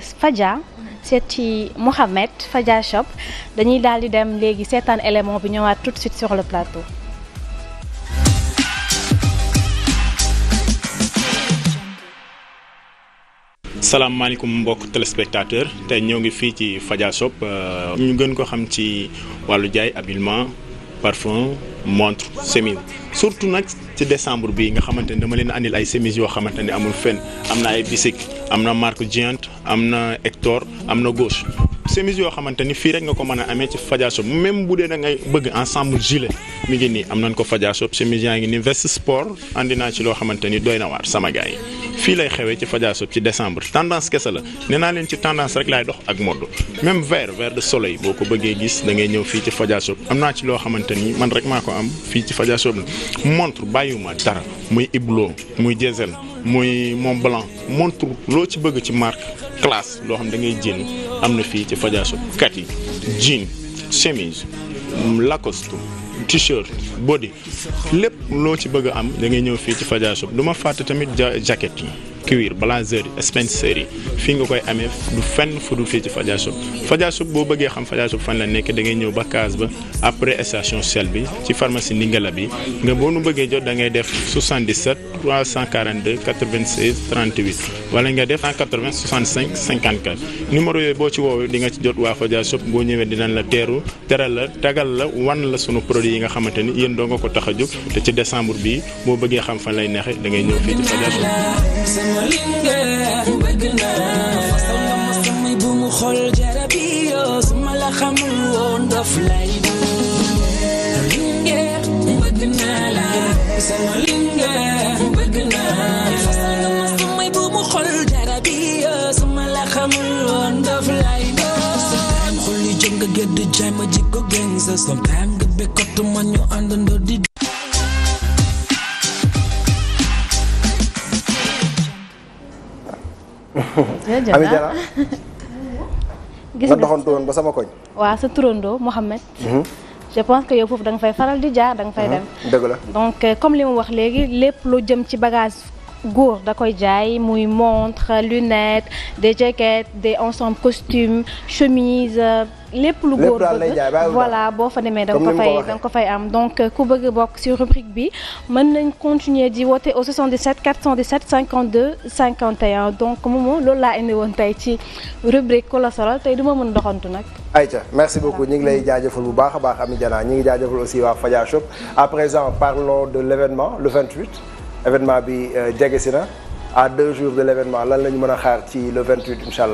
Fadia seet ci Mouhamed Fadia Shop dañuy daal di dem léegi seetaan élément bi ñëwaat tout de salaamaaleykum mbokk téléspectateur te ñëw ngi fii ci Fadia Shop ñu gën ko xam ci wàllu jaay habillement parfum. montre chemise surtout nag ci décembre bi nga xamante ne dama leen andil ay chemise yoo xamante ne amul fenn am na ay bisik am na marque Giant am na Hector am na Gauche chemise yoo xamante ni fii rek nga ko mën a amee ci Fadia Shop même bu dee da ngay bëgg ensemble gilet mi ngi nii am nañ ko Fadia Shop chemise yaa ngi nii veste sport andi naa ci loo xamante ni doy na waar sama gars fii lay xewee ci Fadia Shop ci décembre tendance kese la nee naa leen ci tendance rek laay dox ak mode même vert vert de soleil boo ko bëggee gis da ngay ñëw fii ci Fadia am naa ci loo xamante ni man rek maa ko am fii ci Fadia Shop la montre bàyyiwuma dara muy Hublot muy Diesel muy Montblanc montre loo ci bëgg ci marque classe loo xam da ngay jénn am na fii ci Fajaasu kat yi jean chemise lacoste t-shirt body lépp loo ci bëgg a am da ñëw fii ci Fajaasu du ma fàtte tamit ja jaquette yi cuir blancheur yi spencer yi fii nga koy amee du fenn fu dul fii ci Fadia Shop Fadia Shop boo bëggee xam Fadia Shop fan la nekk da ngay ñëw ba case ba après station Shell bi ci pharmacie Ndingala bi nga boo nu bëggee jot da ngay def 77 342 96 38 wala nga def 180 65 54 numéro yooyu boo ci woowee di nga ci jot waa Fadia Shop boo ñëwee dinañ la teeru teral la tagal la wan la sunu produits yi nga xamante ni yéen doo nga ko tax a jóg te ci décembre bi boo bëggee xam fan lay neexee da ngay ñëw fii ci Fadia lingeer bëgg naa fasal nga ma samay bu mu xol jarabiyo su ma la xamul woon daf lay lingeer bëgg naa la sama lingeer bëgg naa fasal nga ma samay bu mu xol jarabiyo su ma la xamul woon daf lay doon xol yi jëm nga gëdd jaay ma jikko geng sa sometime nga bekkatu ma ñu àndandoo di Ami Jara gis nga doxantu woon ba sama koñ. waaw sa turandoo Mouhamed. Mhm. je pense que yow foofu da nga fay faral di jaar da nga fay mhm. dem. dëgg la donc euh, comme li mu wax léegi lépp lu jëm ci bagage góor da koy jaay muy montre lunettes des jaquettes des ensemble costumes chemise euh, lépp lu góor bëgg voilà boo fa demee da nga ko fay nga ko fay am donc euh, ku bëgg bokk ci rubrique bi mën nañ continuer di woote au 77 417 52 51 donc Momo loolu laa indi woon tey ci rubrique ku la solal tey du ma mën doxantu nag Aïcha merci beaucoup ñu ngi lay jaajëfal bu baax a baax Ami Diana ñu ngi jaajëfal aussi waa Fadia Shop à présent parlons de l'événement le 28 événement bi euh, jege si na à deux jours de l' événement lan la ñu mën a xaar ci le 28 incha allah.